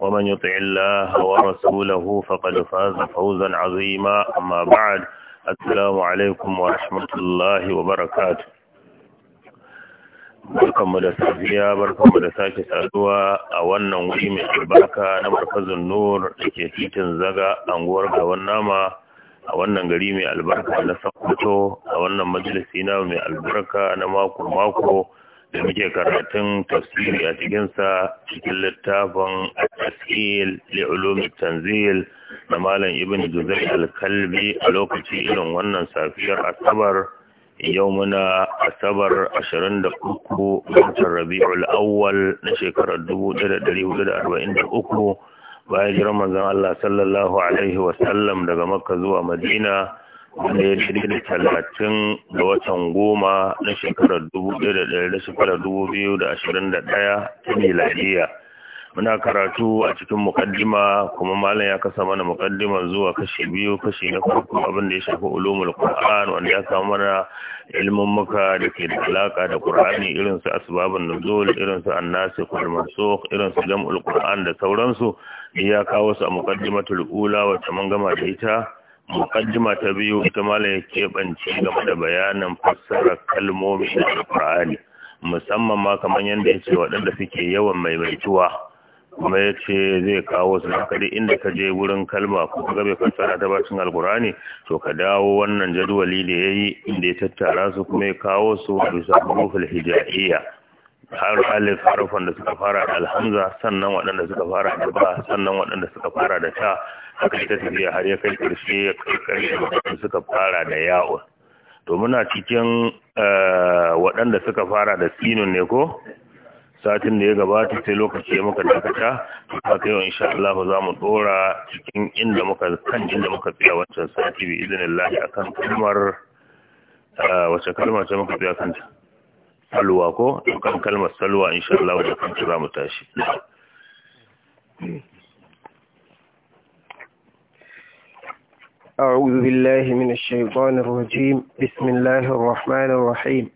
ومن يطع الله ورسوله فقد فاز فوزا عظيما أما بعد السلام عليكم ورحمة الله وبركاته barkanmu da safiya barkanmu da sake saduwa a wannan wuri mai albarka na markazin nur da ke titin zaga anguwar gawan nama a wannan gari mai albarka na sakkwato a wannan majalisi na mai albarka na mako-mako da muke karatun tafsiri a cikinsa cikin littafin tas'il li ulumi tanzil na malam ibn juzai al-kalbi a lokaci irin wannan safiyar asabar yau muna asabar 23 ga watan rabi'ul awwal na shekarar 1443 bayan jiran manzon Allah sallallahu daga Makka zuwa Madina wanda ya shirya da talatin ga watan goma na shekarar dubu ɗaya da shekarar dubu biyu da ashirin da ɗaya ta miladiya. muna karatu a cikin mukaddima kuma malam ya kasa mana mukaddima zuwa kashi biyu kashi na farko abin da ya shafi ulumul qur'an wanda ya kawo mana ilmin muka da ke da alaka da qur'ani irin su asbabun nuzul irin su annasi wal mansukh irin su jam'ul qur'an da sauransu ya kawo su a muqaddimatul ula wacce mun gama da ita mukaddima ta biyu ita malam ya keɓanci game da bayanin fassarar kalmomi da alƙur'ani musamman ma kamar yadda ya ce waɗanda suke yawan maimaituwa kuma ya ce zai kawo su da inda ka je wurin kalma ko ka gabe fassara ta bacin alkurani to ka dawo wannan jadwali da ya yi inda ya tattara su kuma ya kawo su bisa huruful hijaiya har alif harufan da suka fara da alhamza sannan waɗanda suka fara da ba sannan waɗanda suka fara da ta haka ita tafiya har ya kai ƙarshe ya kai waɗanda suka fara da yawo to muna cikin eh, waɗanda suka fara da tsinin ne ko satin da ya gabata sai lokaci ya muka dakata haka yau insha Allah za mu dora cikin inda muka kan inda muka tsaya wancan sati bi idinillah akan kalmar wace kalmar ce muka tsaya kanta salwa ko kan kalmar salwa insha Allah da kanta za mu tashi أعوذ بالله من الشيطان الرجيم بسم الله الرحمن الرحيم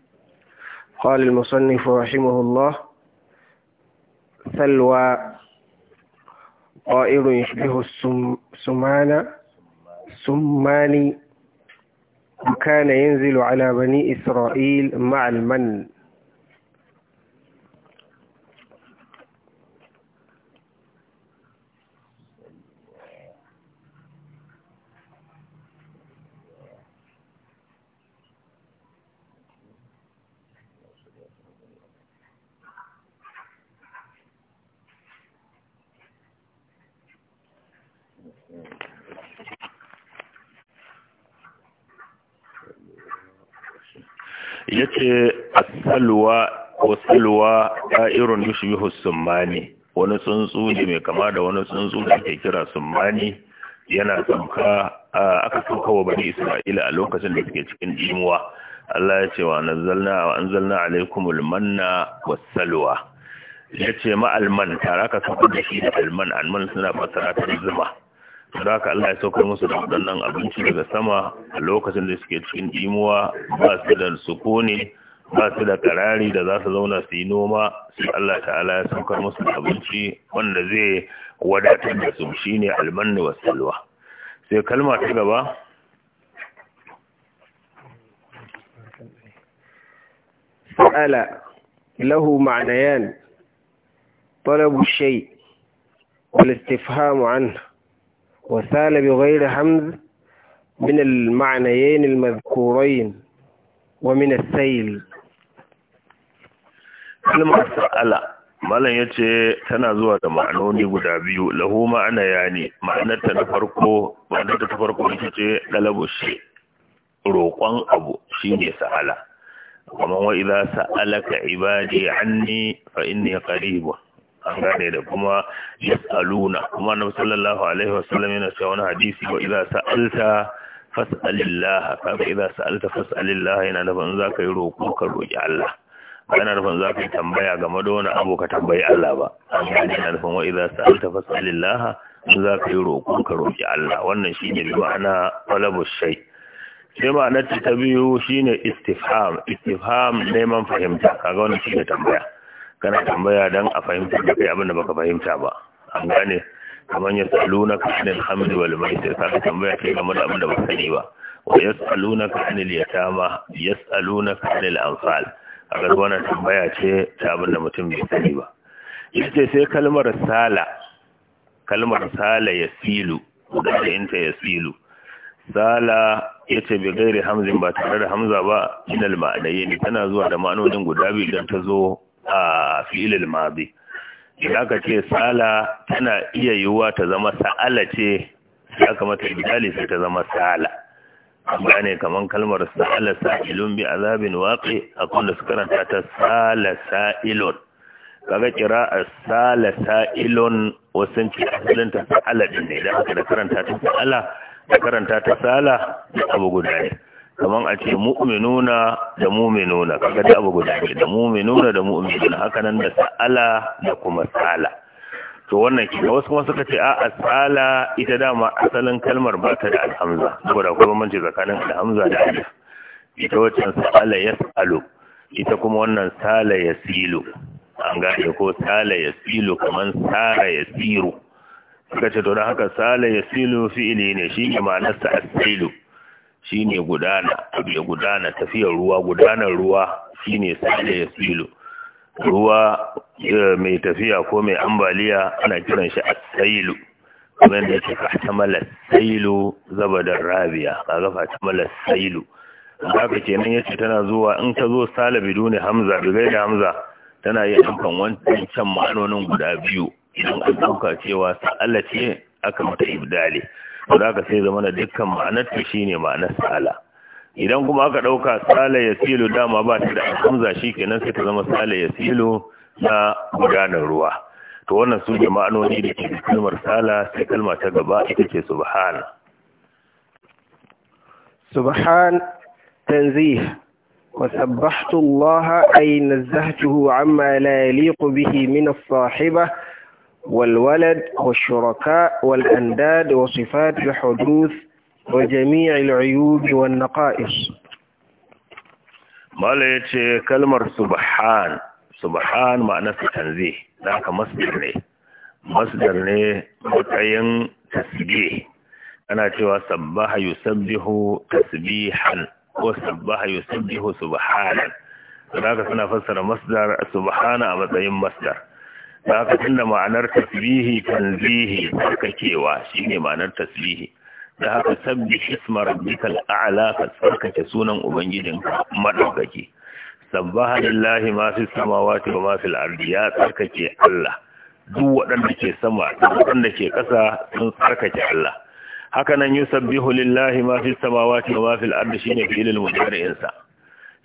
قال المصنف رحمه الله سلوى طائر يشبه السمان السماني وكان ينزل على بني إسرائيل مع المن ce asalwa wasalwa ta'irun yushbihu summani wani tsuntsu ne mai kama da wani tsuntsu da ke kira summani yana aka sauka wa bani isra'ila a lokacin da suke cikin ɗimuwa Allah ya ce wa nazzalna wa anzalna alaikumul manna wassalwa ya ce ma alman ka sauka da shi da alman alman suna fasara ta zuma da ka Allah ya saukar musu da waɗannan abinci daga sama a lokacin da suke cikin imuwa ba su da sukuni ba su da karari da za su zauna su yi noma sai Allah ta'ala ya saukar musu da abinci wanda zai wadatar da su shine almanni salwa sai kalma ta gaba sa'ala lahu ma'nayan talabu وسال بغير حمز من المعنيين المذكورين ومن السيل sa'ala malam ya ce tana zuwa da ma'anoni guda biyu lahu ma'ana ya ne ma'anarta na farko ma'anarta ta farko ita ce ɗalabu shi roƙon abu shi ne sa'ala kuma wa sa'alaka ibadi anni fa inni qarib an gane da kuma Aluna kuma na sallallahu alaihi wasallam yana cewa wani hadisi wa idza sa'alta fas'alillah kaga idza sa'alta fas'alillah yana ban zaka yi roko ka roƙi Allah ana da ban zaka yi tambaya game da wani abu ka tambayi Allah ba an gane na idan wa'iza sa'alta fas'alillah in za ka yi roƙo ka roƙi Allah wannan shi ne ma'ana talabu shay sai ma'anar ta biyu shine istifham istifham neman fahimta kaga wannan shi ne tambaya kana tambaya dan a fahimta da kai abin da baka fahimta ba an gane kamar ya saluna ka anil hamdi wal maisir ka tambaya kai kamar da abin da baka sani ba wa yasaluna ka anil yatama yasaluna ka anil anfal a ga wannan tambaya ce ta abin da mutum bai sani ba yace sai kalmar sala kalmar sala yasilu da ya yasilu sala ya ce bai gairi hamzin ba tare da hamza ba inal ma'adaye ne tana zuwa da ma'anonin guda biyu don ta zo a fi'ilil mazi idan ka ce sala tana iya yiwuwa ta zama sa'ala ce ya kamata mata sai ta zama sala amma ne kaman kalmar sa'ala sa'ilun bi azabin waqi akon da su karanta ta sala sa'ilun kaga kira sala sa'ilun wasan ce asalin ta sa'ala din ne idan aka da karanta ta sa'ala da karanta ta sala abu guda ne kaman a ce mu'minuna da mu'minuna kaga da abu guda ne da mu'minuna da mu'minuna haka nan da sa'ala da kuma sala to wannan kika wasu kuma suka ce a sala ita dama asalin kalmar ba ta da alhamza saboda akwai bambanci tsakanin alhamza da alif ita wacce sala yasalu ita kuma wannan sala yasilu an gane ko sala yasilu kaman sara yasiru suka ce to don haka sala yasilu fi'ili ne shi ke ma'anarsa asilu shine gudana ya gudana tafiyar ruwa gudanar ruwa shine sale ya silo ruwa eh, mai tafiya ko mai ambaliya ana kiran shi a sailu da da yake fatamala sailu zabadar rabiya kaga fatamala sailu haka kenan yace tana zuwa in ta zo sala dune hamza bigai da hamza tana yin amfan wancan can ma'anonin guda biyu idan an dauka cewa sa'ala ce aka mata ibdali to zaka sai zama na dukkan ma'anar ta shine ma'anar sala idan kuma aka dauka sala yasilu dama ba ta da hamza shikenan sai ta zama sala yasilu na gudanar ruwa to wannan su ne ma'anoni da ke kalmar sala sai kalma ta gaba ita ce subhan subhan tanzih wa sabbahtu Allah ay nazzahtuhu amma la yaliqu bihi min as والولد والشركاء والأنداد وصفات الحدوث وجميع العيوب والنقائص مالك كلمة سبحان سبحان معنى تنزيه ذاك مصدر لي مصدر لي متعين تسبيح أنا توا سبح يسبح تسبيحا وسبح يسبح سبحانا ذاك سنفسر مصدر سبحان أبدا مصدر da aka tunda ma'anar tasbihi tanzihi tsarkakewa shine ma'anar tasbihi da haka sabbi isma rabbikal a'la ka tsarkake sunan ubangijin madaukaki sabbaha lillahi ma fi samawati wa ma fil ardi ya tsarkake Allah duk waɗanda ke sama waɗanda ke ƙasa sun tsarkake Allah haka nan yusabbihu lillahi ma fi samawati wa ma fil ardi shine fi'il mudari'insa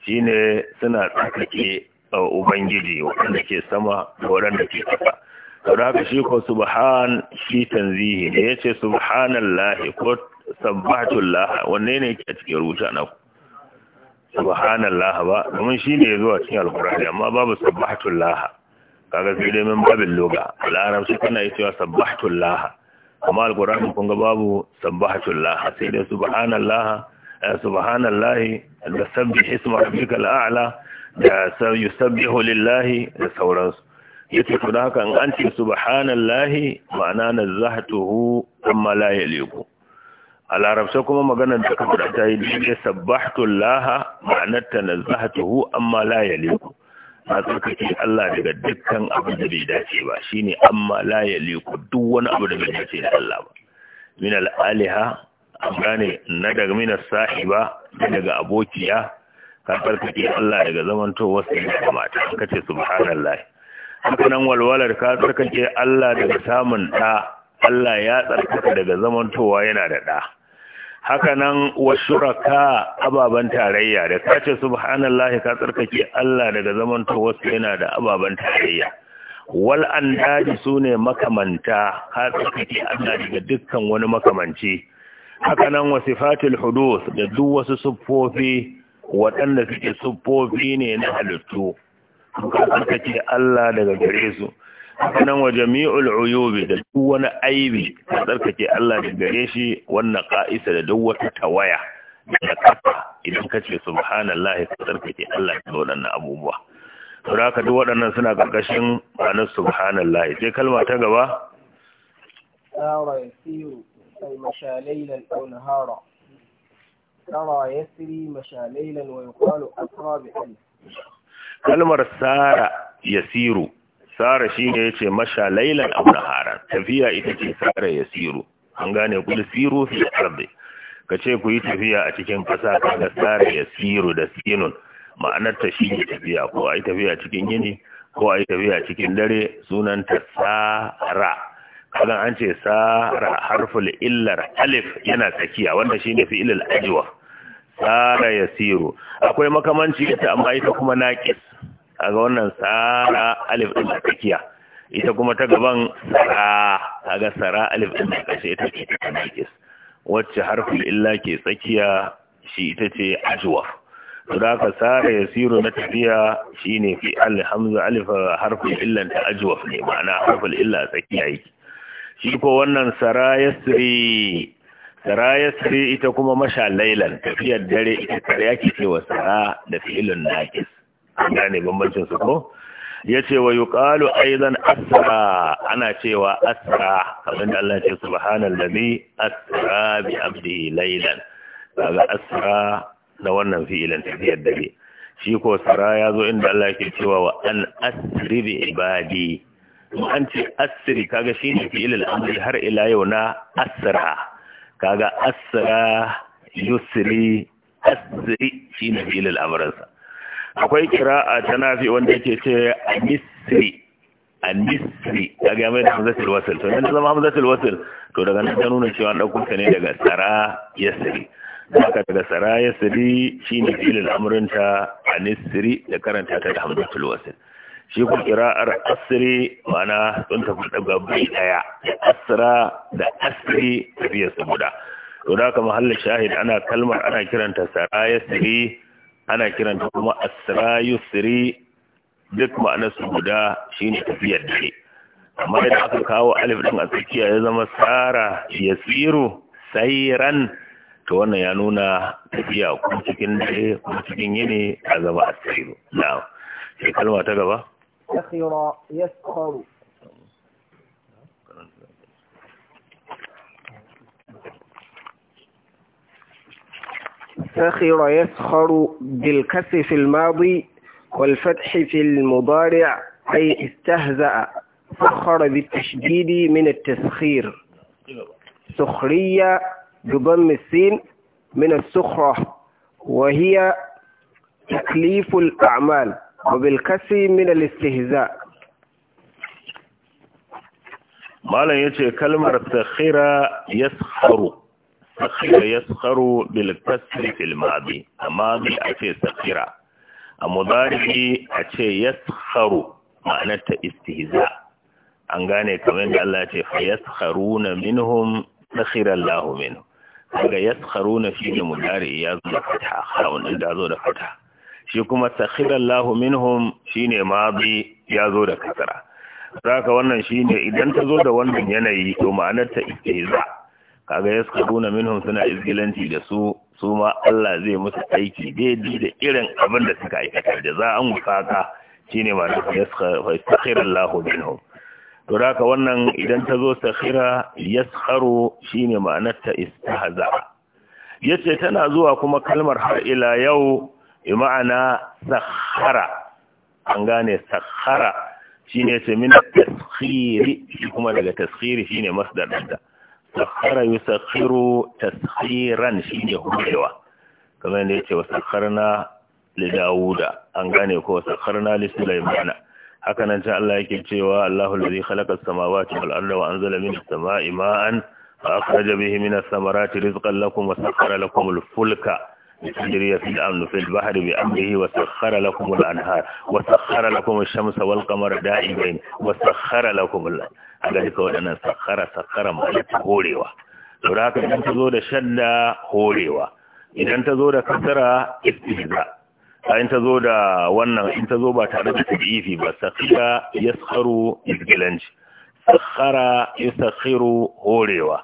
shine suna tsarkake ubangiji waɗanda ke sama da waɗanda ke ƙasa saboda haka shi ko subhan shi tanzihi ne ce subhanallahi ko sabbatullah wanne ne yake a cikin rubuta na ku subhanallah ba domin shi ne zuwa cikin alkurani amma babu sabbatullah kaga sai dai min babin loga larabci kana yi cewa sabbatullah amma alkurani kun ga babu sabbatullah sai dai subhanallah eh, subhanallahi da sabbi ismar rabbikal al'a'la. da yusabbihu lillahi da sauransu yace to da haka in an ce subhanallahi ma'ana nazahtuhu amma la yaliqu a larabce kuma maganar da kafa ta yi ne sabbahtu laha ma'anar ta nazahtuhu amma la yaliqu na tsarkake Allah daga dukkan abin da bai dace ba shine amma la yaliqu duk wani abu da bai dace da Allah ba min al-aliha ne na daga min sahiba daga abokiya ka ke Allah daga wasu sai da mata ka ce subhanallah haka nan walwalar ka tsarkake Allah daga samun ɗa Allah ya tsarkaka daga zamantowa yana da ɗa Hakanan nan raka ababen tarayya da kace ce subhanallah ka tsarkake Allah daga zamantowa yana da ababen tarayya wal andadi sune makamanta ka tsarkake Allah daga dukkan wani makamanci Hakanan nan wasifatul hudus da duk wasu siffofi waɗanda suke siffofi ne na halittu suka ce Allah daga gare su nan wa jami'ul uyubi da duk wani aibi ka ce Allah da gare shi wannan ka'isa da duk wata tawaya da kafa idan ka ce subhanallahi ka ce Allah da waɗannan abubuwa to haka duk waɗannan suna karkashin ma'anar subhanallahi sai kalma ta gaba tsara سرى يسري مشاليلا ويقال أسرى بألف kalmar sara yasiru sara shine yace masha lailan aw naharan tafiya ita ce sara yasiru an gane ku siru kace ku yi tafiya a cikin kasa kaga sara yasiru da sinun ma'anar ta shine tafiya ko ai tafiya cikin gini, ko ai tafiya cikin dare sunan ta sara kaga an ce sara harful illar alif yana tsakiya wanda shine fi'il al-ajwa Tsara ya siro, akwai makamanci ita amma ita kuma naƙis. A ga wannan tsara alif din tsakiya ita kuma ta gaban tsara. A ga tsara alif din tsakiya ita ce ta naƙis wacce harfin illa ke tsakiya shi ita ce ajwaf su da tsara ya siro na tafiya shine fi alhamza alif harfin illa ta ajwaf ne ma'ana harfin illa tsakiya yake shi ko wannan tsara ya siri. saraya sai ita kuma masha lailan tafiyar dare ita kare ake cewa sara da fi'ilun naqis gane bambancin su ko yace wa yuqalu aizan asra ana cewa asra kamar da Allah ya ce subhanallazi asra bi abdi lailan kaga asra na wannan filin tafiyar dare shi ko sara ya zo inda Allah yake cewa wa an asri bi ibadi an ce asri kaga shine fi'ilul amri har ila yau na asra kaga asra yusri asri shine filin amransa akwai kira'a ta nafi wanda yake ce misri anisri misri ya mai da hamzatul wasl to zama hamzatul wasl to daga nan ta nuna cewa an dauko ne daga sara yasri haka daga sara ne filin filil a misri da karanta ta da hamzatul wasl shi kuma kira'ar asiri mana sun tafi daga bai daya da asira da asiri tafiya su guda to da haka mahallin shahid ana kalmar ana kiranta siri ana kiranta kuma asirayusiri duk ma'anar su guda shi ne tafiyar dare amma idan aka kawo alif din a tsakiya ya zama tsara, ya tsiru, sairan to wannan ya nuna tafiya ko cikin dare ko cikin yini a zama asiri na'am shi kalma ta gaba يفتخر يسخر سخر يسخر بالكسر في الماضي والفتح في المضارع أي استهزأ سخر بالتشديد من التسخير سخرية بضم السين من السخرة وهي تكليف الأعمال wabilkasi min al Malam ya yace kalmar sakhira yaskharu sakhira yaskharu bil kasri fil madi amma bi ace sakhira a mudari ace yaskharu ma'anar ta istihza an gane kamar da Allah ce fa yaskharuna minhum sakhira Allahu minhum kaga yaskharuna fi mudari ya zo da fata hawan da zo da fata shi kuma sakhirallahu minhum shine bi ya zo da kasara ka wannan shine idan ta zo da wannan yanayi to ma'anar ta za kaga ya suka yaskaduna minhum suna izgilanci da su su ma Allah zai musu aiki daidai da irin abin da suka aikata da za an shi shine ma'anar Lahumin minhum to ka wannan idan ta zo tsaro shi shine ma'anar ta Ya yace tana zuwa kuma kalmar har ila yau bi ma'ana sahara an gane sahara shine ce min taskhiri kuma daga taskhiri shine masdar da sakhara yusakhiru taskhiran shine hudewa kamar da yace wasakharna li dauda an gane ko wasakharna li sulaimana haka nan ta Allah yake cewa Allahu allazi khalaqa as-samawati wal arda wa anzala minas samai ma'an fa akhraja bihi minas samarati rizqan lakum wa sakhara lakum al-fulka لتجري في الأمن في البحر بأمره وسخر لكم الأنهار وسخر لكم الشمس والقمر دائمين وسخر لكم الله haka duka waɗannan sakkara-sakkara ma'alata horewa to haka idan ta zo da shadda horewa idan ta zo da kasara istihza in ta zo da wannan in ta zo ba tare da tabi'ifi ba ya ya horewa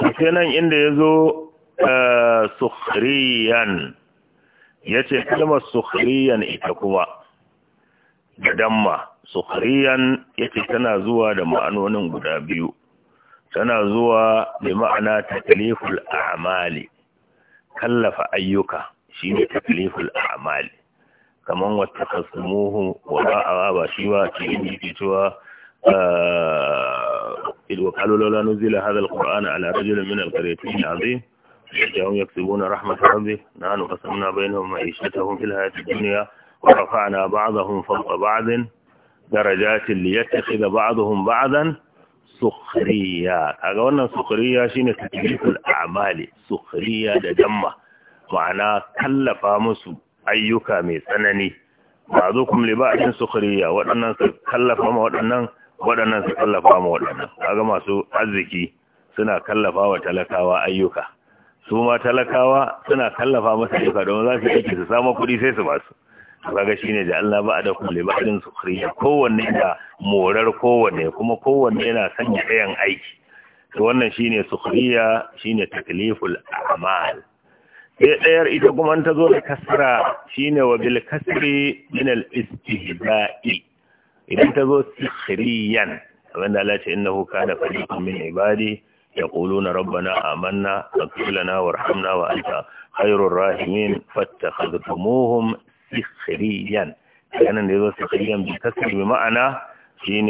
sai nan inda ya zo sukhriyan yace kalmar sukhriyan ita kuma da damma sukhriyan yace tana zuwa da ma'anonin guda biyu tana zuwa da ma'ana takliful a'mali kallafa ayyuka shine takliful a'mali kaman wata kasmuhu wa ba'a ba shi ba ke inji cewa وقالوا لولا نزل هذا القرآن على رجل من القريتين عظيم يرجعون يكسبون رحمة ربه نحن قسمنا بينهم معيشتهم في الحياة الدنيا ورفعنا بعضهم فوق بعض درجات ليتخذ بعضهم بعضا سخرية هذا وانا سخرية شين تكليف الأعمال سخرية دجمة معنى كلف مسو أيك ميسنني بعضكم لبعض سخرية وانا كلف ما وانا waɗannan su kallafa ma waɗannan kaga masu arziki suna kallafa wa talakawa ayyuka su ma talakawa suna kallafa masa ayyuka don za su aiki su samu kuɗi sai su basu kaga shine da Allah ba da kulli ba irin sukhriya kowanne da morar kowanne kuma kowanne yana sanya ɗayan aiki to wannan shine sukhriya shine takliful a'mal sai ɗayar ita kuma ta zo da kasra shine wa bil kasri min al istihba'i idan ta zo sukhriyan wanda Allah ya ce innahu kana min ibadi يقولون ربنا آمنا فاغفر لنا وارحمنا وأنت خير الراحمين فاتخذتموهم سخريا كان نزل سخريا بكسر بمعنى شين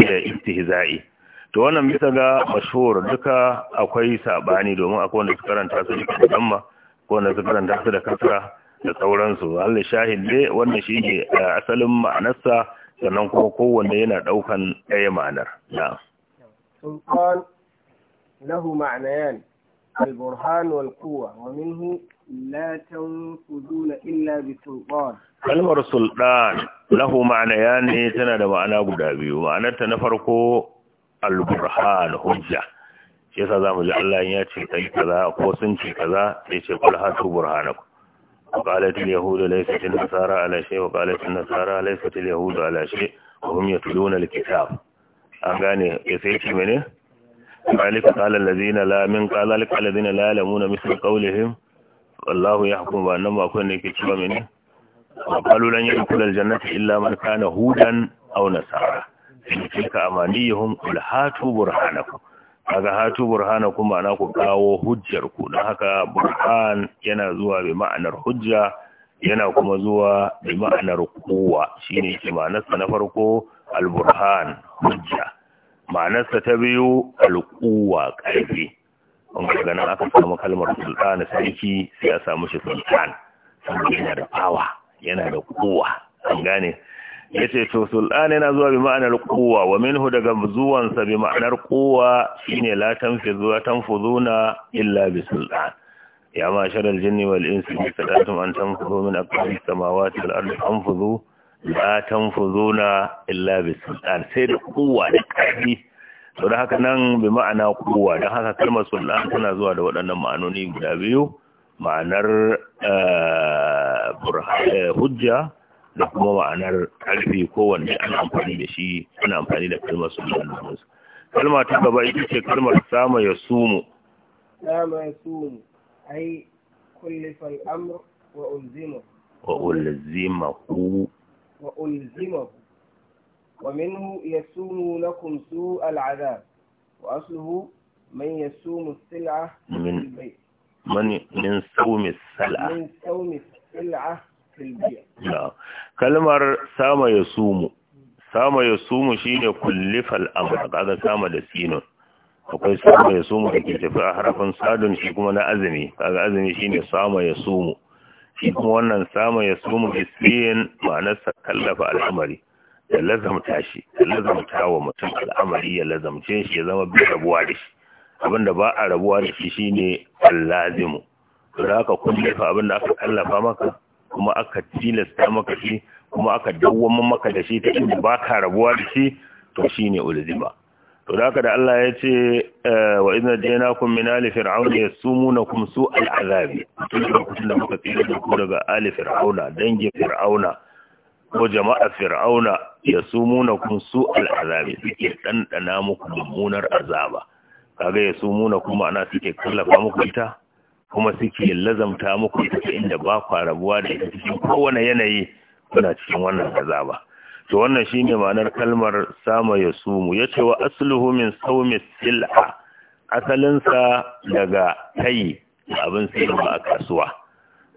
إلى استهزائي to wannan bisa ga mashhur duka akwai sabani domin akwai wanda suka karanta su da damma ko wanda suka karanta su da kasra da sauransu Allah shahid dai wannan shine asalin ma'anarsa sannan kuma kowanne yana daukan ɗaya ma'anar na'am له معنيان البرهان والقوة ومنه لا تنفذون إلا بسلطان كلمة سلطان له معنيان تنا da ma'ana guda biyu ma'anarta na farko al-burhan hujja shi yasa zamu ji Allah ya ce kai kaza ko sun ce kaza sai ce kul hatu burhanakum وقالت اليهود ليست النصارى على شيء وقالت النصارى ليست اليهود على شيء وهم يتلون الكتاب an gane ya sai ce mene ذلك قال الذين لا من قال ذلك الذين لا يعلمون مثل قولهم والله يحكم بأنهم أكون jannati illa منه وقالوا لن يدخل الجنة إلا من كان هودا أو نصارى تلك أمانيهم قل هاتوا برهانكم kaga hatu burhanakum ma'ana ku kawo hujjarku. ku haka burhan yana zuwa bi ma'anar hujja yana kuma zuwa bi ma'anar quwwa shine ke ma'anar na farko al-burhan hujja ma'anarsa ta biyu alƙuwa ƙarfi wanda ga nan aka samu kalmar sultana sarki sai a samu shi sultan saboda yana da fawa yana da kuwa an gane ya ce to sultan yana zuwa bi ma'anar kuwa wa minhu daga zuwansa bi ma'anar ƙuwa shine la zuwa tanfuzuna illa bi sultan ya ma sharal jinni wal insi bi sadatum an tanfuzu min aqtabi samawati wal ardi tanfuzu la tanfuzuna illa bisultan sai da kowa da ƙarfi da haka nan bi ma'ana kowa don haka kalmar sultan tana zuwa da waɗannan ma'anoni guda biyu ma'anar eh, eh, hujja da kuma ma'anar ƙarfi kowanne ana amfani da shi ana amfani da kalmar sultan kalmar ta gaba ita ce kalmar sama ya sumu sama ya sumu ai kullifan amr wa ulzimahu wa ulzimahu وألزمه ومنه يسوم لكم سوء العذاب وأصله من يسوم السلعة من البيت من من سوم السلعة من سوم السلعة في البيع لا كلمة سام يسوم سام يسوم sumu كلف الأمر هذا سام kaga akwai sama ya sumu da ke tafi a harafin sadun shi kuma na azumi kaga azumi shi ne sama ya sumu shi wannan samun ya sumu hisiyin ma'anarsa kallafa al'amari ya lazamta shi ya lazamta wa mutum al'amari ya lazamce shi ya zama bi rabuwa da shi abinda ba a rabuwa da shi shine allazimu za ka kullafa abinda aka kallafa maka kuma aka tilasta maka shi kuma aka dawwama maka da shi ta inda ba ka rabuwa da shi to shine ulzima to da haka da Allah ya ce eh, wa idna kun min ali fir'auna yasumunakum su'al su al'azabi. lokacin da muka tsira da ku daga ali fir'auna dangin fir'auna ko jama'a fir'auna yasumunakum su al'azabi suke dandana muku mummunar azaba kaga kuma ma'ana suke kallafa muku ita kuma suke lazamta muku ita inda ba kwa rabuwa da ita cikin kowane yanayi kuna cikin wannan azaba to wannan shine ma'anar kalmar sama ya sumu yace wa asluhu min sawmi sil'a asalin sa daga tayi abin sayarwa a kasuwa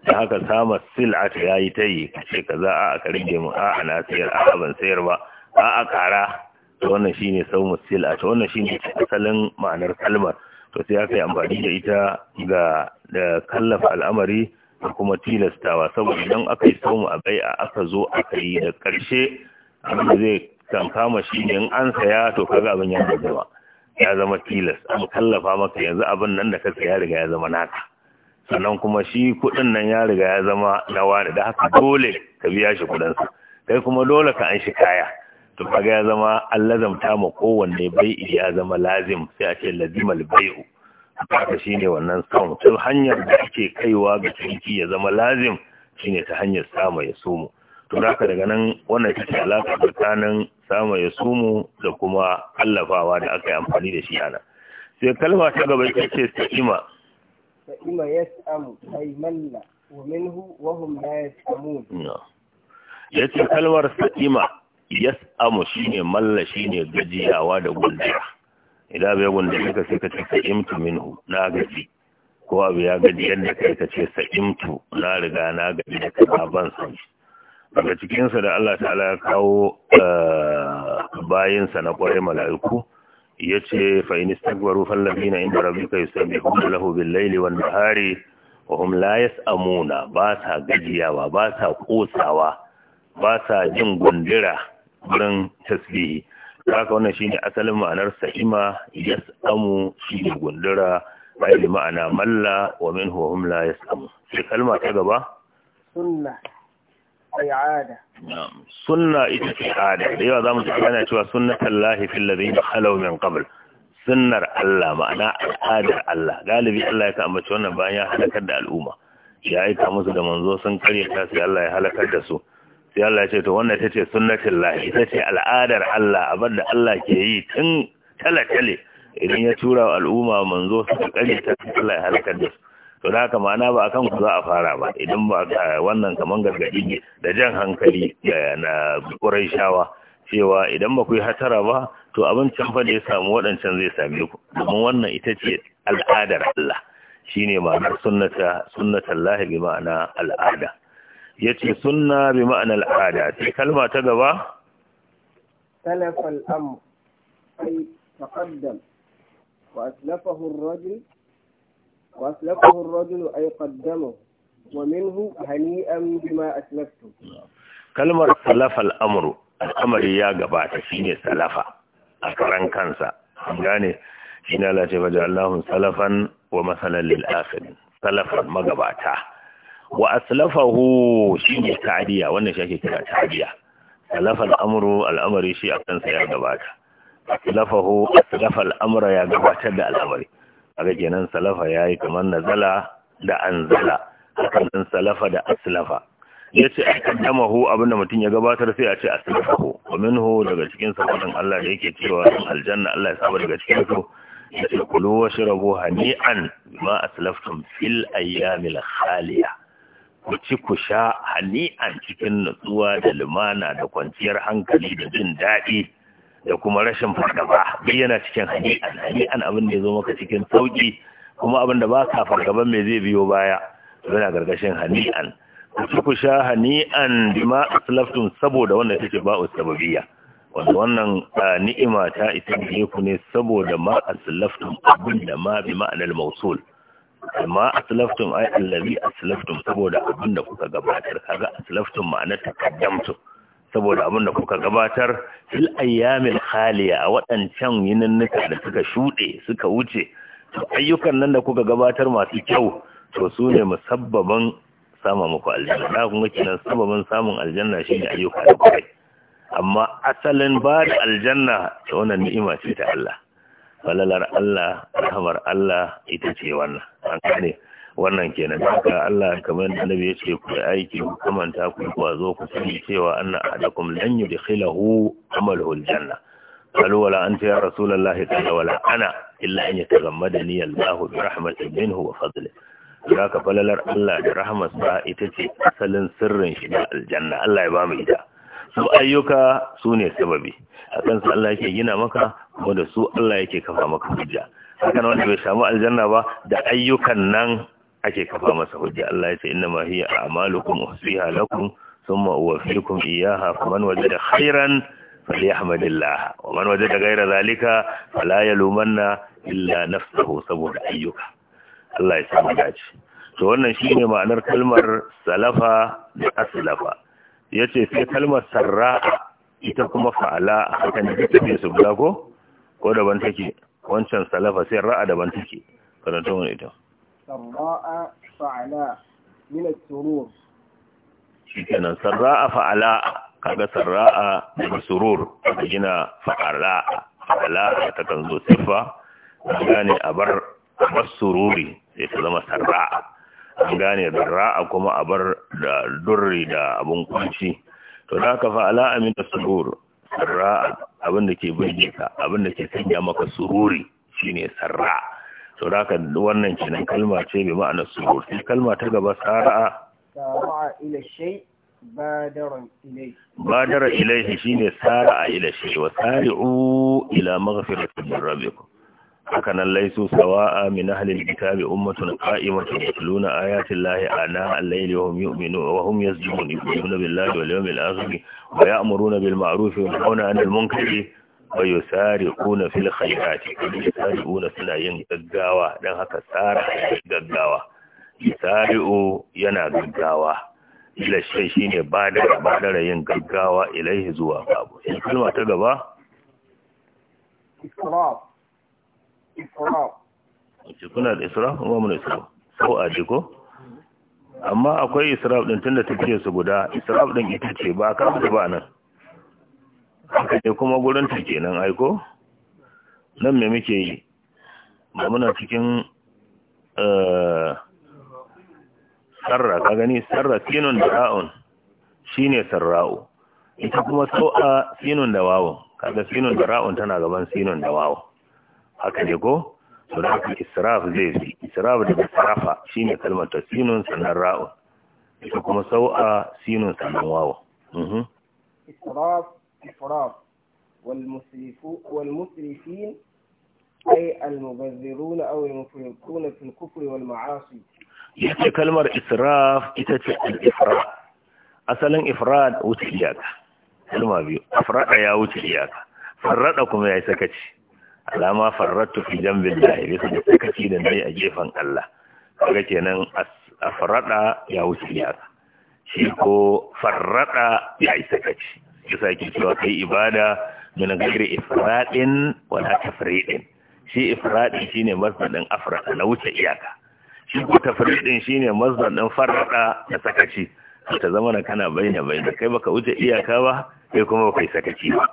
da haka sama sil'a ta yayi tayi kace kaza a ka rige mu a ana sayar a ban sayar ba a a kara to wannan shine sawmu sil'a to wannan shine asalin ma'anar kalmar to sai aka yi amfani da ita ga da kallafa al'amari da kuma tilastawa saboda idan aka yi saumu a bai'a aka zo aka yi da ƙarshe abin zai kankama shi ne in an saya to kaga abin ya zama ya zama tilas an kallafa maka yanzu abin nan da ka saya riga ya zama naka sannan kuma shi kudin nan ya riga ya zama na wani da haka dole ka biya shi sa kai kuma dole ka an shi kaya to kaga ya zama an lazamta ma kowanne bai'i ya zama lazim sai a ce lazimal bai'u haka shine wannan samu tun hanyar da ake kaiwa ga ciniki ya zama lazim shine ta hanyar samu ya somo Tunaka daga nan wannan ita ce alaƙa tsakanin samun ya sumu da kuma allafawa da aka yi amfani da shi ana sai kalma ta gaba ita ce sa'ima sa'ima ya samu aimanna wa minhu wa hum la samu. ya ce kalmar sa'ima ya samu shine malla shi ne gajiyawa da gundura idan bai gundura ka sai ka ce sa'imtu minhu na gaji ko abu ya gaji yadda kai ka ce sa'imtu na riga na gaji da kaza ban san shi daga cikinsa da Allah ta'ala ya kawo eh, bayinsa na kwarai mala'iku ya ce fa'in fallafi na inda rabbi ka yi sami hun lahu bin laili wani hari wa hum amuna ba sa gajiyawa ba sa kosawa ba sa jin gundira wurin tasbihi Kaka wannan shine asalin ma'anar sa'ima yas'amu ne gundura ma'ana malla wa min wa hum la sai kalma ta gaba sunna al'ada sunna ita ce ada da yawa za mu tafi ana cewa sunnatul lahi fil ladina khalaw min qabl sunnar Allah ma'ana al'adar Allah galibi Allah ya ambaci wannan bayan ya halakar da al'umma ya aika musu da manzo sun karya ta sai Allah ya halakar da su sai Allah ya ce to wannan ta tace sunnatul lahi ita ce al'adar Allah da Allah ke yi tun tale tale idan ya tura wa al'umma manzo suka karya ta sai Allah ya halakar da su to da haka ma'ana ba akan ku za a fara ba idan ba wannan kaman gargaɗi da jan hankali na na shawa cewa idan ba ku yi hatara ba to abincin fa da ya samu waɗancan zai same ku domin wannan ita ce al'adar Allah shine ma'anar sunnata sunnatan lahi bi ma'ana al'ada yace sunna bi ma'ana al'ada sai kalma ta gaba talafal am ay taqaddam wa aslafahu ar-rajul وأسلفه الرجل أي قدمه ومنه هنيئا بما أسلفته kalmar salafa al'amuru al'amari ya gabata shi salafa a karan kansa gane shi na lace faji salafan wa matsalar lil'asirin salafan magabata wa aslafahu shi ne ta'adiyya wannan shi ake kira ta'adiyya salafa al'amuru al'amari shi kansa ya gabata aslafahu aslafa ya gabatar da al'amari kaga kenan salafa yayi kamar nazala da anzala a nan salafa da aslafa yace a hu abinda mutum ya gabatar sai a ce aslafahu kwamin minhu daga cikin sabon Allah da yake cewa aljanna Allah ya saba daga cikin su ce kulu washrabu hani'an a aslaftum fil ayyamil khaliya ku ci ku sha hani'an cikin nutsuwa da limana da kwanciyar hankali da jin daɗi da kuma rashin fargaba duk yana cikin hani'an hani'an abin da ya zo maka cikin sauki kuma abin da ba ka fargaba me zai biyo baya yana gargashin hani'an ku ku sha hani'an bima aslaftum saboda wanda take ba'u sababiyya wanda wannan ni'ima ta ita ne ku ne saboda ma aslaftum abin da ma bi ma'anar mausul ma aslaftum ai allazi aslaftum saboda abin da kuka gabatar kaga aslaftum ma'anar takaddamtu saboda abin da kuka gabatar fil ayyamil khaliya a waɗancan yininnika da suka shuɗe suka wuce ayyukan nan da kuka gabatar masu kyau to su ne musabbaban sama muku aljanna da kuma kenan sababin samun aljanna shine ayyuka da kuka amma asalin ba da aljanna ta wannan ni'ima ce ta Allah falalar Allah rahmar Allah ita ce wannan an wannan kenan haka Allah kamar da nabi yace ku aiki ku kamanta ku kwazo ku sani cewa anna adakum lan yudkhilahu amalu aljanna qalu wala anta ya rasulullah qala wala ana illa an yatagammada ni Allah bi rahmatin minhu wa fadli haka falalar Allah da rahmas ba ita ce asalin sirrin shi da aljanna Allah ya ba ita su ayyuka su ne sababi a kansu Allah yake gina maka kuma da su Allah yake kafa maka hujja hakan wanda bai samu aljanna ba da ayyukan nan ake kafa masa hujja Allah ya ce inna ma hiya a'malukum usiha lakum thumma uwaffikum iyyaha faman wajada khairan falyahmadillah wa man wajada ghayra zalika fala yalumanna illa nafsuhu saboda ayyuka Allah ya samu dace to wannan shine ma'anar kalmar salafa da aslafa yace sai kalmar sarra ita kuma fa'ala a hakan da take su ko ko ban take wancan salafa sai ra'a da ban take karantun ita sarra'a فعلاء من surur شكنا sarra'a فعلاء kaga sarra'a daga surur daga فعلاء fa'ala fa'ala ta kan zo sifa an gane a bar sururi sai ta zama sarra'a an gane kuma a bar da durri da abun kwanci to da ka fa'ala amin surur sarra'a abin da ke burge abin da ke sanya maka sururi shine sarra'a to wannan kenan kalma ce bi ma'anar surur kalma ta gaba sara'a sara'a badara shine sara'a a shay wa sari'u ila maghfiratin rabbikum haka nan laisu sawa'a min ahli alkitabi ummatun qa'imatun yatluna ayati llahi ana al-layli wa hum yu'minun wa hum yasjudun yu'minuna billahi wal yawmil akhir wa ya'muruna bil ma'ruf wa yanhauna 'anil munkari wa yusari'una fil khayrati yusari'una suna yin gaggawa dan haka tsara gaggawa yusari'u yana gaggawa ila shay shine badara da yin gaggawa ilaihi zuwa babu in kalma ta gaba israf israf kuna da israf kuma mun israf sau jiko amma akwai israf din tunda take su guda israf din ita ce ba ka ba nan haka ne kuma gurin ta kenan aiko nan me muke yi ba muna cikin eh, sarra ka gani sarra sinun da ra'un shine sarra'u ita kuma sau'a sinun da wawo kaga sinun da ra'un tana gaban sinun da wawo haka ne ko su da haka israf zai fi israf da israfa shine kalmar ta sinun sannan ra'un ita kuma sau'a sinun sannan wawon mhm. israf الإفراط والمسرفين أي المبذرون أو في الكفر والمعاصي kalmar israf ita ce asalin ifrad wuce iyaka kalma ya wuce iyaka farrada kuma ya sakaci alama farratu fi janbil lahi bisa da sakaci da nayi a gefen Allah kaga kenan afrada ya wuce iyaka shi ko farrada ya sakaci yasa yake cewa kai ibada min ghairi ifradin wala tafridin shi ifradin shine din afrada na wuce iyaka shi ko tafridin shine din farada da sakaci ta zama na kana bayyana bayyana kai baka wuce iyaka ba kai kuma baka sakaci ba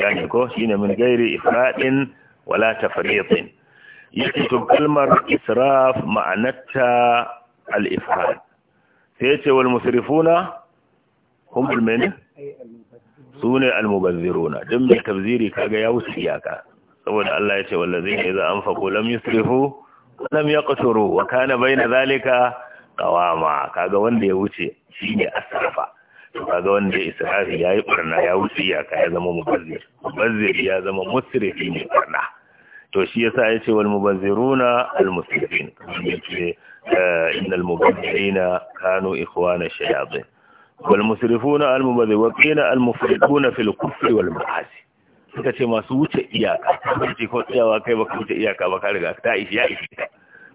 gane ko shine min ghairi ifradin wala tafridin yake to kalmar israf ma'anarta al-ifrad sai ce wal musrifuna hum al su ne almubazziruna duk mai tabziri kaga ya wuce iyaka saboda Allah ya ce wallazina idza anfaqu lam yusrifu lam yaqturu wa kana baina zalika qawama kaga wanda ya wuce shine asrafa to kaga wanda ya israfi yayi barna ya wuce iyaka ya zama mubazzir mubazzir ya zama musrifi ne barna to shi yasa yace wal mubazziruna al musrifin yace eh, innal mubazzirina kanu ikhwana shayatin والمسرفون المبذوقين al في الكفر والمعاصي suka ce masu wuce iyaka ce ko tsayawa kai baka wuce iyaka ba ka riga ta ishi ya ishi ka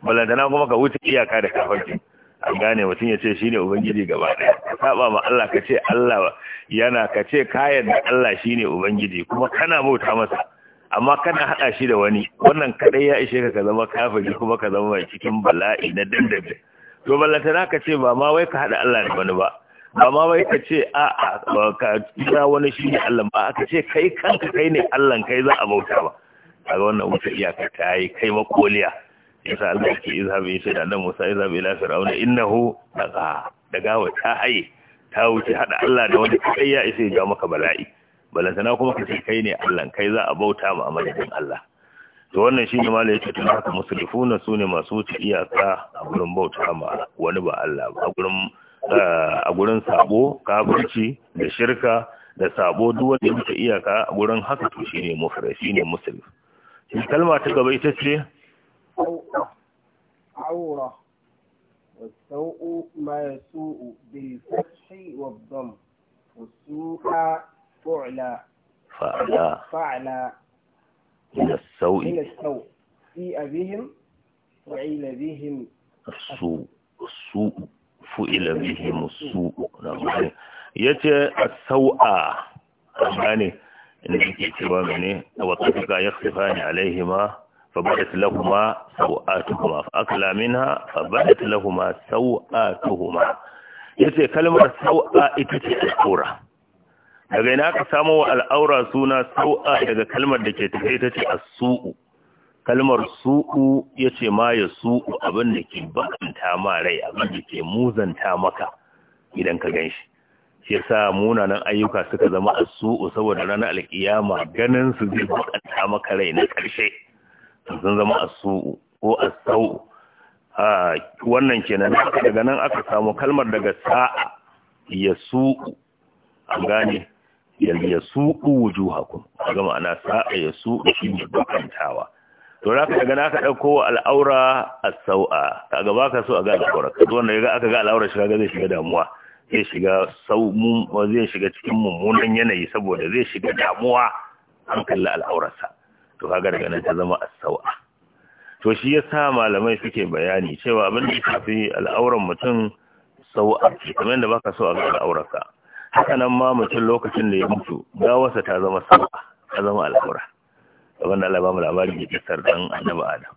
balantana kuma ka wuce iyaka da kafarki an gane mutum ya ce shine ubangiji gaba ɗaya ka saba ma Allah ka ce Allah yana ka ce kayan da Allah shine ubangiji kuma kana bauta masa amma kana hada shi da wani wannan kadai ya ishe ka ka zama kafiri kuma ka zama mai cikin bala'i na dandabe to balantana ka ce ba ma wai ka hada Allah da wani ba amma bai ka ce a a ka kira wani shi ne Allah ba aka ce kai kanka kai ne Allah kai za a bauta ba kaga wannan wuce iyaka ta yi kai makoliya yasa Allah yake izhabi ce da nan Musa izhabi ila fir'auna innahu daga daga wa ta haye ta wuce hada Allah da wani kai ya isa ya maka bala'i na kuma ka ce kai ne Allah kai za a bauta ma a madadin Allah to wannan shi ne malai yake tuna haka musulifuna su ne masu wuce iyaka a gurin bauta ma wani ba Allah ba a gurin Eh, a gurin sabo kafirci da shirka da sabo duwa da yake iyaka a gurin haka to shi ne shine shi ne muslim shi kalma ta gaba ita ce aura والسوء ما يسوء بالفتح والضم والسوء فعلا فعلا فعلا من السوء من السوء في أبيهم وعيل بهم السوء su'u fu'ila bihi musu ya ce a sau'a ne inda suke cewa mene wata suka ya sifa ne alaihima fabadat lahuma sau'atuhuma fa akala minha fabadat lahuma Ya ce kalmar sau'a ita ce al'aura daga ina aka samo wa al'aura suna sau'a daga kalmar da ke tafe ita ce as-su'u kalmar su'u ya ce ma ya su'u abin da ke bakanta ma rai abin da ke muzanta maka idan ka gan shi shi yasa munanan ayyuka suka zama a su'u saboda ranar alkiyama ganin su zai bakanta maka rai na ƙarshe sun zama a su'u ko a sau'u wannan kenan daga nan aka samu kalmar daga sa'a ya su'u an gane ya su'u wujuhakum ga ma'ana sa'a ya su'u shi ne bakantawa to za ka na ka ɗauko al'aura a sau'a a gaba ka so a ga al'aura ka zuwa ya ga aka ga al'aura shiga zai shiga damuwa zai shiga zai shiga cikin mummunan yanayi saboda zai shiga damuwa an kalli al'aurarsa to ga daga nan ta zama a sau'a to shi ya sa malamai suke bayani cewa abin da shafi al'auran mutum sau'a kamar yadda baka so a ga al'aurarsa haka nan ma mutum lokacin da ya mutu gawarsa ta zama sau'a ta zama al'aura abin da Allah ba mu labarin da kisar dan annabi Adam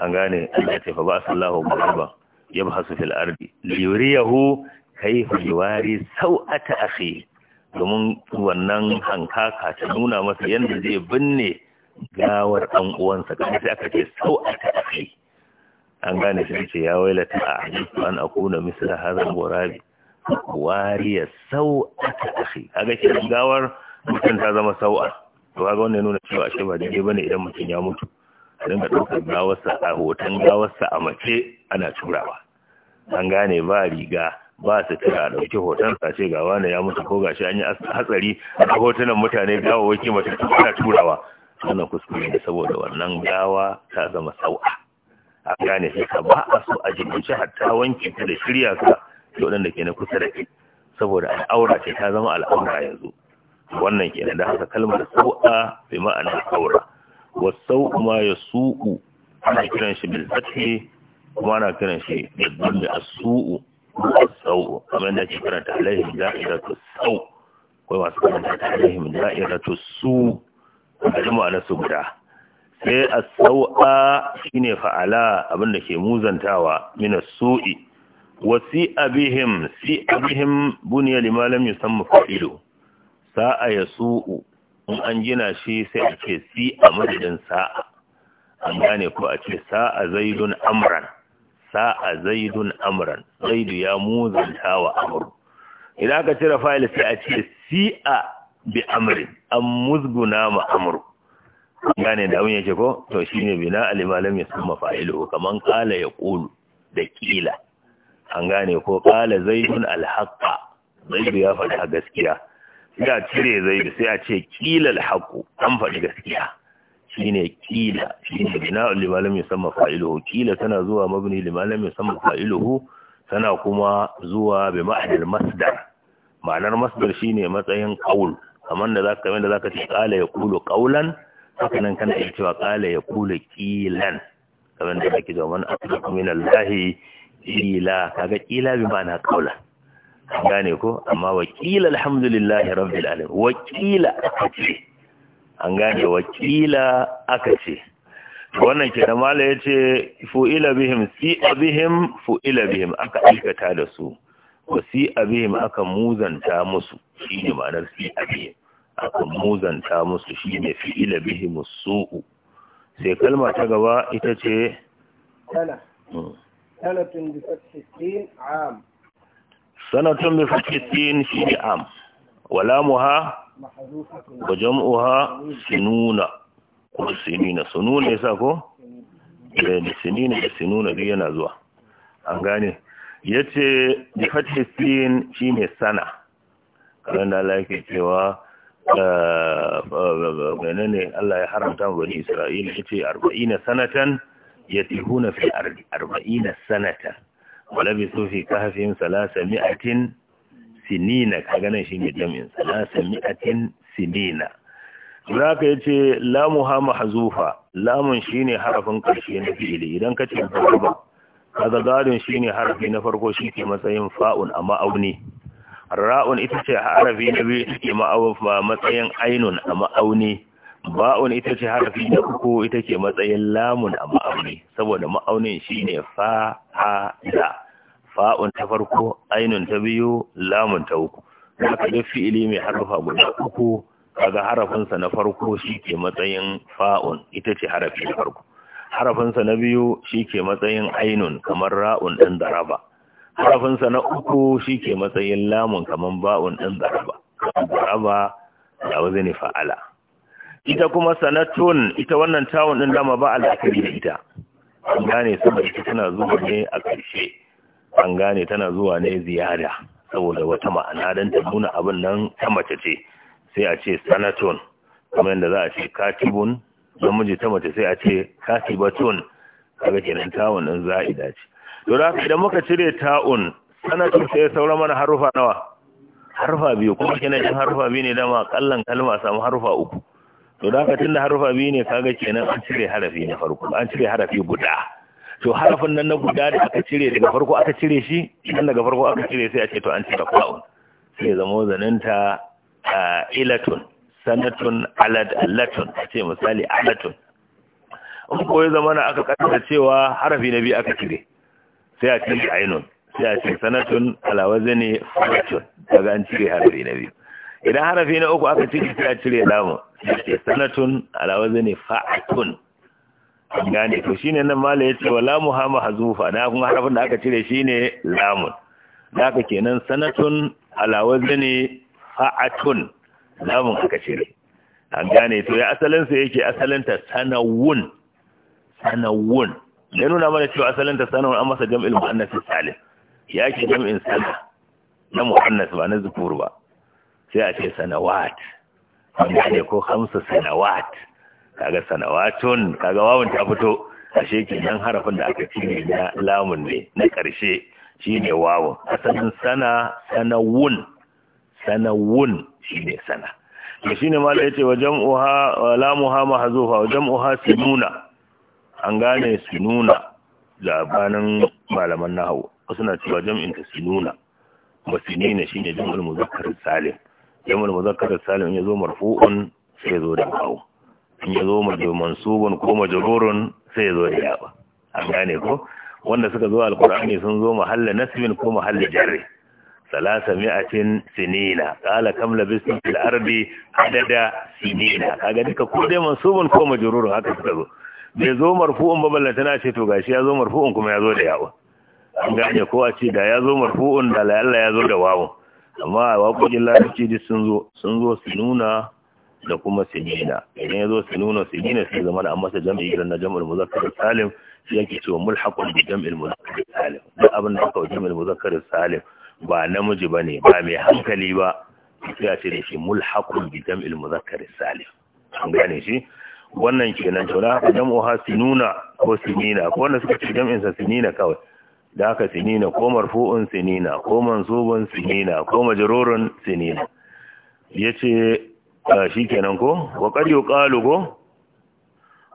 an gane Allah ce fa ba sallahu muhabban yabhasu fil ardi liyuriyahu kayfa yuwari sau'ata akhi domin wannan hankaka ta nuna masa yanda zai binne gawar dan uwansa kamar sai aka ce sau'ata akhi an gane shi ce ya wailata a an akuna misla hadha al-ghurabi wariya sau'ata akhi kaga shi gawar mutum ta zama sau'a to ga wannan nuna cewa ashe ba daidai bane idan mutum ya mutu a dinga ɗaukar gawarsa a hoton gawarsa a mace ana turawa an gane ba riga ba su tura a ɗauki hoton sa ce ga wani ya mutu ko gashi an yi hatsari a hotunan mutane gawawaki mace ana turawa ana kuskure da saboda wannan gawa ta zama sau'a An gane sai ka ba a so a jikinci hatta wanki ta da shirya ka to da ke na kusa da ke. saboda al'aura ce ta zama al'aura yanzu wannan kenan da haka kalmar sau'a bi ma'ana saura sau'u ma ya su'u ana kiran shi bil fathi kuma ana kiran shi da dunda as-su'u as-sau'u kamar da ke karanta alaihim da'iratu sau kai masu karanta alaihim da'iratu su da ma'ana su guda sai as-sau'a shine fa'ala abinda ke muzantawa min as-su'i wasi abihim si abihim bunya limalam yusamma fa'ilu sa'a ya su'u in an gina shi sai a ce si a madadin sa'a an gane ko a ce sa'a zaidun amran sa'a zaidun amran zaidu ya muzanta wa amru idan aka cire fa'il sai a ce si a bi amrin an muzguna ma amru gane da abin yake ko to shine bina alimalam ya sama fa'ilu kaman qala yaqulu da ƙila. an gane ko qala zaidun alhaqa zaidu ya faɗa gaskiya sai a zai da sai a ce ƙilal alhaqu an faɗi gaskiya shine ƙila shine bina'ul limalam yusamma fa'iluhu ƙila tana zuwa mabni limalam yusamma fa'iluhu tana kuma zuwa bi ma'anar masdar ma'anar masdar shine matsayin qaul kamar da zaka kamar da zaka ce qala yaqulu qawlan haka nan kana iya cewa qala yaqulu qilan kamar da kake zaman man asdaqu min allahi qila kaga qila bi ma'ana qawlan gane ko amma wakila alhamdulillahi rabbil alamin wakila aka ce an gane wakila aka ce wannan ke da mala yace fu'ila bihim si abihim fu'ila bihim aka aikata da su wa si abihim aka muzanta musu shine ma'anar si abihim aka muzanta musu shine fi'ila bihim su'u sai kalma ta gaba ita ce tala hmm. bi am sanatun bi fathi shi ne am wala muha wa jam'uha sinuna ko sinina sununa yasa ko da sinina da sinuna duk yana zuwa an gane yace bi fathi shi ne sana kan da Allah yake cewa eh, eh, menene Allah ya haramta wa bani Isra'ila yace 40 sanatan yatihuna fil ardi 40 sanatan walabisu fi kahfihim salasa mi'atin sinina kaga nan shine jami'in salasa mi'atin sinina za ka yi ce lamu ha mahazufa lamun shi ne harafin ƙarshe na fi'ili idan ka ce zaraba kaga gadon shi ne harafi na farko shi ke matsayin fa'un a ma'auni ra'un ita ce harafi na biyu ita ke matsayin ainun a ma'auni ba'un ita ce harafi na uku ita ce matsayin lamun a ma'auni saboda ma'aunin shi ne fa'a fa'un ta farko ainun ta biyu lamun ta uku haka duk fi'ili mai harafa guda uku kaga harafinsa na farko shi ke matsayin fa'un ita ce harafi na farko harafinsa na biyu shi ke matsayin ainun kamar ra'un ɗin da raba. harafinsa na uku shi ke matsayin lamun kamar ba'un ɗin zaraba Raba da wazini fa'ala ita kuma sanatun ita wannan tawon din dama ba al'akari da ita an gane saboda ita tana zuwa ne a ƙarshe an gane tana zuwa ne ziyara saboda wata ma'ana don ta nuna abin nan ta mace ce sai a ce sanatun kuma yadda za a ce katibun namiji ta mace sai a ce katibatun kaga kenan tawon din za'ida ce to da idan muka cire ta'un sanatun sai saura mana harufa nawa harufa biyu kuma kenan in harufa biyu ne dama kallan kalma samu harufa uku to da haka tunda harufa biyu ne kaga kenan an cire harafi na farko an cire harafi guda to harafin nan na guda da aka cire daga farko aka cire shi idan daga farko aka cire sai a ce to an cire fa'un sai zama zaninta ilatun sanatun alad alatun a ce misali alatun in ko ya zama na aka kaddara cewa harafi na biyu aka cire sai a cire ainun sai a ce sanatun alawazi ne falatun daga an cire harafi na biyu idan harafi na uku aka cire sai a cire lamun yace sanatun ala wazni fa'atun gane to shine nan mala yace wala muhamma hazufa na kun harafin da aka cire shine lamun da aka kenan sanatun ala wazni fa'atun lamun aka cire an gane to ya asalin sa yake asalin ta sanawun sanawun ya nuna mana cewa asalin ta sanawun an masa jam'il muannath salim ya ke jam'in sana na muannas ba na zukur ba sai a ce sanawat an gane ko hamsa sanawat kaga sanawatun kaga wawan ta fito ashe kenan harafin da aka cire na lamun ne na ƙarshe shine wawan asalin sana sanawun sanawun shine sana to shine mala yace wa jam'uha lamuha mahzufa wa jam'uha sinuna an gane sinuna labanin malaman nahawu suna cewa jam'in ta sinuna wa sinina shine jam'ul muzakkar salim jamul muzakkar salim ya zo marfu'un sai ya zo da ba'u in ya zo mansubun ko majrurun sai ya zo da yaba an gane ko wanda suka zo alqur'ani sun zo mahalla nasbin ko mahalla jarri salasa mi'atin sinina qala kam labistum fil ardi adada sinina kaga duka ko dai mansubun ko majrurun haka suka zo bai zo marfu'un ba balla tana ce to gashi ya zo marfu'un kuma ya zo da yawa an gane ko a ce da ya zo marfu'un da la Allah ya zo da wawun amma a waƙoƙin larabci duk sun zo sun zo su nuna da kuma sinina idan ya zo su nuna sinina su zama da amma masa jam'i idan na jami'ar muzakkar salim shi yake cewa mulhaqun bi jami'ar muzakkar salim duk abin da aka wajen jam'il muzakkar salim ba namiji bane ba mai hankali ba sai a ce da shi mulhaqun bi jami'ar muzakkar salim an gane shi wannan kenan to na jami'o ha sinuna ko sinina ko wanda suka ce jam'in sa sinina kawai da aka sinina ko marfu'un sinina ko mansubun sinina ko majrurun sinina yace ah, shikenan ko wa qad yuqalu ko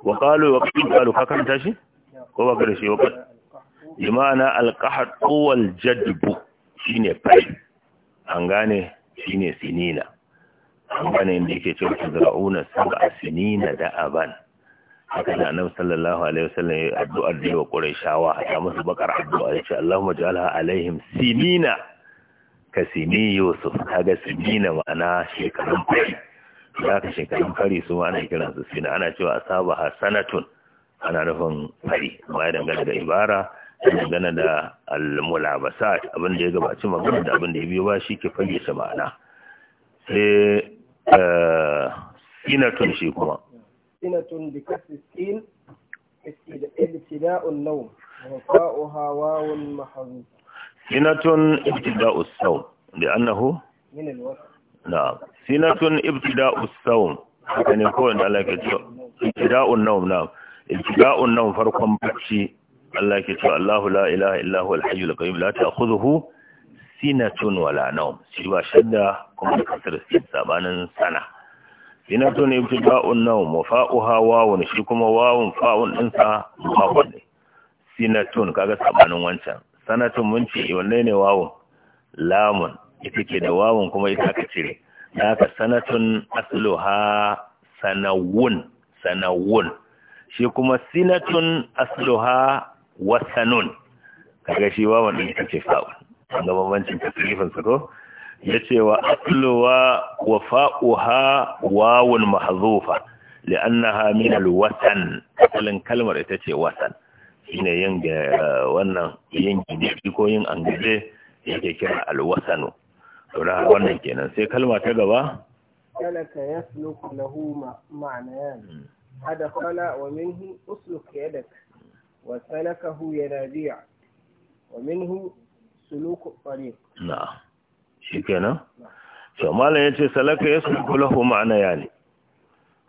wa qalu wa qad yuqalu ka kanta shi ko ba ka da shi wa qad limana alqahd wal jadb shine fai an gane shine sinina an gane inda yake cewa zarauna sab'a sinina da aban haka da annabi sallallahu alaihi wasallam ya addu'a da wa quraishawa ya musu bakar addu'a ya ce Allahumma ij'alha alaihim sinina ka sini yusuf kaga sinina ma'ana shekarun fari ya ka shekarun fari su ma ana kiran su sinina ana cewa asaba hasanatun ana nufin fari amma ya dangana da ibara ya dangana da al-mulabasat abin da ya gabaci magana da abin da ya biyo ba shi ke fage ma'ana sai eh, sinatun shi kuma سنة بكسر السين ابتداء النوم وفاؤها واو محذوف سنة ابتداء الصوم لأنه من الوقت نعم سنة ابتداء الصوم يعني يكون على ابتداء النوم نعم ابتداء النوم فرق بكشي Allah ke cewa Allahu la ilaha illa huwa al-hayyul qayyum la ta'khudhuhu sinatun wala nawm shi ba shadda kuma kasar sabanin sana ina to ne ibti ba'un nau wa fa'uha wawun shi kuma wawun fa'un din sa mafud ne sinatun kaga sabanin wancan sanatun mun ce wanne ne wawu lamun ita ke da wawun kuma ita aka cire haka sanatun asluha sanawun sanawun shi kuma sinatun asluha wasanun kaga shi wawun din ita ce fa'un ga bambancin tasrifin su ko ya ce wa asluwa wa fa'uha wawun mahzufa li'annaha min alwasan asalin kalmar ita ce wasan shine yin eh, wannan yin gidi ko yin angaje yake kira alwasanu to da wannan kenan sai kalma ta gaba salaka yasluku lahu hada hmm. kala wa minhu usluk yadak wa salakahu yanabi'a wa minhu suluku tariq na'am shikenan to ya yace salaka yasbiqu kulahu ma'ana yani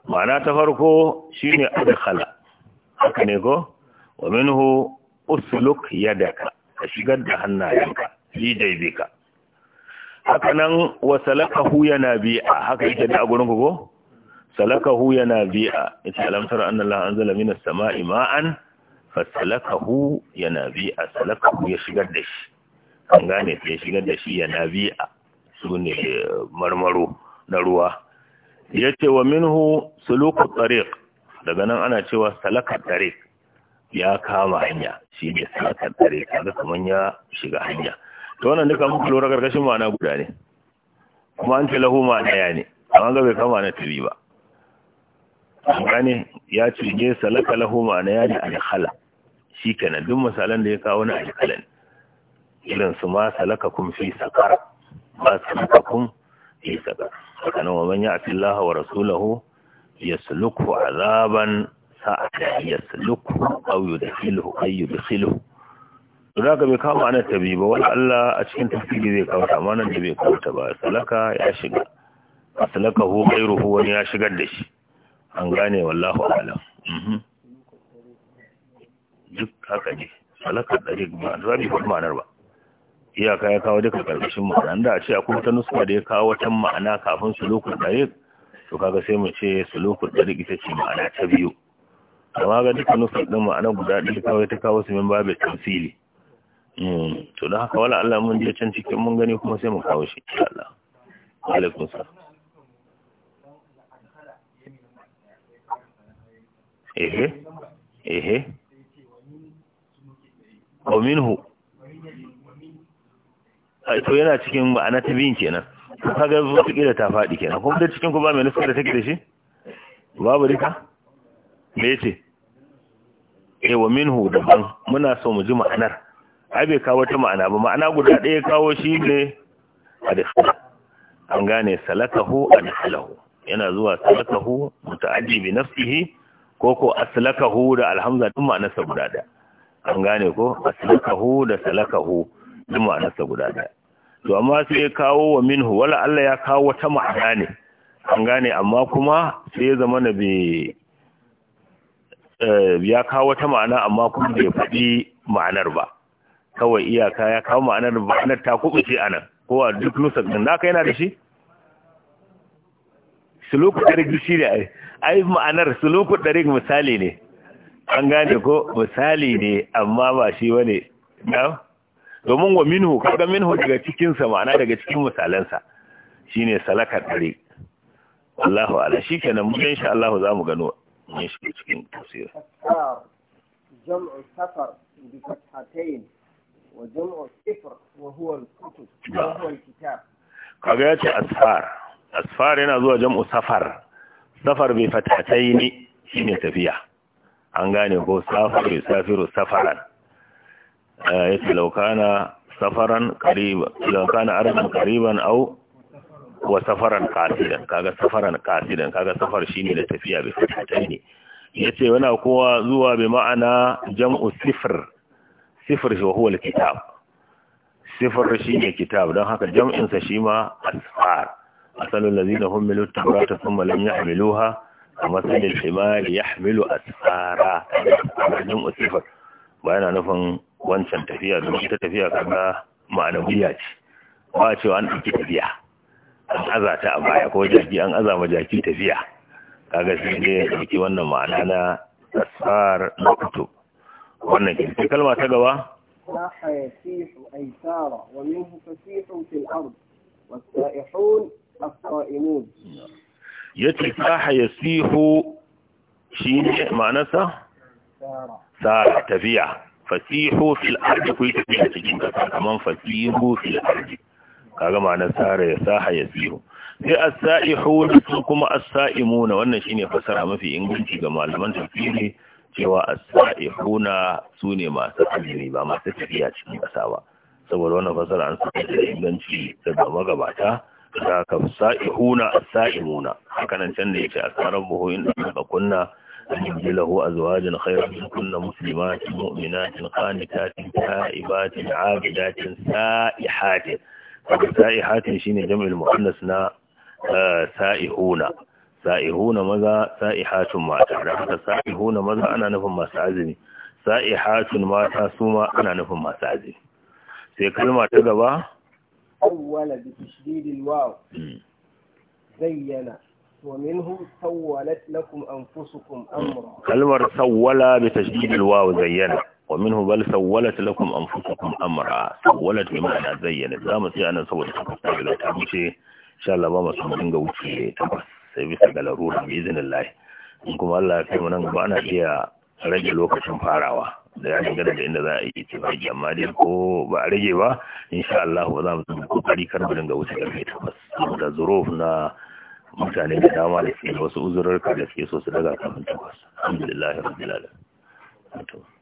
ma'ana ta farko shine adkhala haka ne ko wa minhu usluk yadaka ka shigar da hannayenka fi jaybika haka nan wa salaka hu yana bi'a haka yake da gurin ku ko salakahu yana bi'a a alamtar anna Allah anzala minas sama'i ma'an salaka hu yana bi'a hu ya shigar da shi an gane sai shigar da shi yana bi'a su ne eh, marmaro na ruwa ya ce wa minhu suluku tsarik daga nan ana cewa salakar tsarik ya kama hanya shi ne salakar tariq ga kaman ya shiga hanya Ta wannan duka muku lura gargashin ma'ana guda ne kuma an ce lahu ma'ana ya ne amma ga bai kama na tabi ba gane ya ce salaka lahu ma'ana ya ne alhala shi kenan duk misalan da ya kawo na alhala ne irinsu ma salaka kun fi sakar salaka kun fi sakar hakanan wa manya ya'ti Allah wa rasulahu suluku azaban sa'ata yaslukhu suluku. yudkhiluhu ay yudkhiluhu to da bai kawo ana tabi ba wani Allah a cikin tafsiri zai kawo ta amma nan da bai kawo ta ba salaka ya shiga salaka hu ghairuhu wani ya shigar da shi an gane wallahu a'lam mhm. duk haka ne salaka ɗari ba zabi ba ma'anar ba iyaka ya kawo duka karkashin ma'ana da a ce akwai wata nuska da ya kawo wata ma'ana kafin sulukun dariq to kaga sai mu ce sulukun dariq ita ce ma'ana ta biyu amma ga duka nuska ɗin ma'ana guda ɗaya kawai ta kawo su min babu tamfili hmm, to don haka wala Allah mun je can cikin mun gani kuma sai mu kawo shi insha Allah alaikum salam ehe ehe wa to yana cikin ma'ana ta biyun kenan kaga zuwa kila ta faɗi kenan kuma da cikin ku ba mai nufin da take da shi babu rika me yace eh wa minhu daban muna so mu ji ma'anar ai bai kawo ta ma'ana ba ma'ana guda ɗaya kawo shi ne adkhala an gane salakahu halahu yana zuwa salakahu muta'addi bi nafsihi ko ko aslakahu da alhamza din ma'anarsa guda ɗaya an gane ko aslakahu da salakahu din ma'anarsa guda ɗaya to amma sai ya kawo wa minhu wala Allah ya kawo wata ma'ana ne an gane amma kuma sai ya zama na bai eh, ya kawo wata ma'ana amma kuma bai faɗi ma'anar ba kawai iyaka ya kawo ma'anar ma'anar ta kubuce anan ko a duk nusa din da yana da shi suluku ɗarik shi ne ai ma'anar suluku ɗarik misali ne an gane ko misali ne amma ba shi wane na domin wa minhu kaga minhu daga cikin sa ma'ana daga cikin misalan sa shine salaka dare Allahu ala shikenan mu insha Allah za mu gano ne shi cikin tafsir jam'u safar bi fathatayn wa jam'u sifr wa huwa al-kutub wa huwa al-kitab kaga ce asfar asfar yana zuwa jam'u safar safar bi fathatayn shine tafiya an gane ko safar safiru safaran Eh, yace laukana safaran kariban laukana wa safaran kasidan kaga safaran kasidan kaga safar shine da tafiya ne ya ce yana kowa zuwa bai ma'ana jam'u sifir sifir shi huwa kitab sifir shi ne kitab don haka jam'insa shi ma asfar asalul ladina hum milu tawrata thumma lam yahmiluha masalil himar yahmilu asfara jam'u sifr ba yana nufin wancan tafiya domin ita tafiya kaga ma'anawiya ce ba a cewa an ɗauki tafiya an aza ta a baya ko jaki an aza ma jaki tafiya kaga shi ne ya ɗauki wannan ma'ana na tsar na fito wannan ke sai kalma ta gaba ya ce أي سار saha ya siho shi ne ma'anarsa? tsara tafiya fasihu fil ardi ku yi tafiya cikin kasa kaman fasihu fil ardi kaga ma'anar sara ya saha ya siyo sai as-sa'ihuna su kuma as-sa'imuna wannan shine fasara mafi inganci ga malaman tafsiri cewa as-sa'ihuna sune masu azumi ba masu tafiya cikin kasa ba saboda wannan fasara an saka da inganci daga magabata da ka sa'ihuna as-sa'imuna haka nan can da yake asarar buhoyin da kunna أن يبدله أزواجا خيرا من كل مسلمات مؤمنات قانتات تائبات عابدات سائحات سائحات شين جمع المؤنثنا سائحون سائحون ماذا سائحات ما حتى سائحون ماذا أنا نفهم ما سعزني سائحات ما سوما أنا نفهم ما سعزني سيكلمة تقبع أول بتشديد الواو زينا ومنهم سولت لكم أنفسكم أمرا كلمة سول بتشديد الواو زينا ومنه بل سولت لكم أنفسكم أمرا سولت بمعنى زينا زامة يعني سولت لكم أمشي إن شاء الله بما سمعين قوتي تبس سيبسا قال روح بإذن الله إنكم الله كما ننقب أنا إيا rage lokacin farawa da ya dangana da inda za a yi tafaki amma dai ko ba a rage ba insha Allah ba za mu tsaye kokari kar mu dinga wuce karfe 8 da zuruf na mutane da dama da ke da wasu uzurarka da ke so su daga kamar takwas alhamdulillah rabbil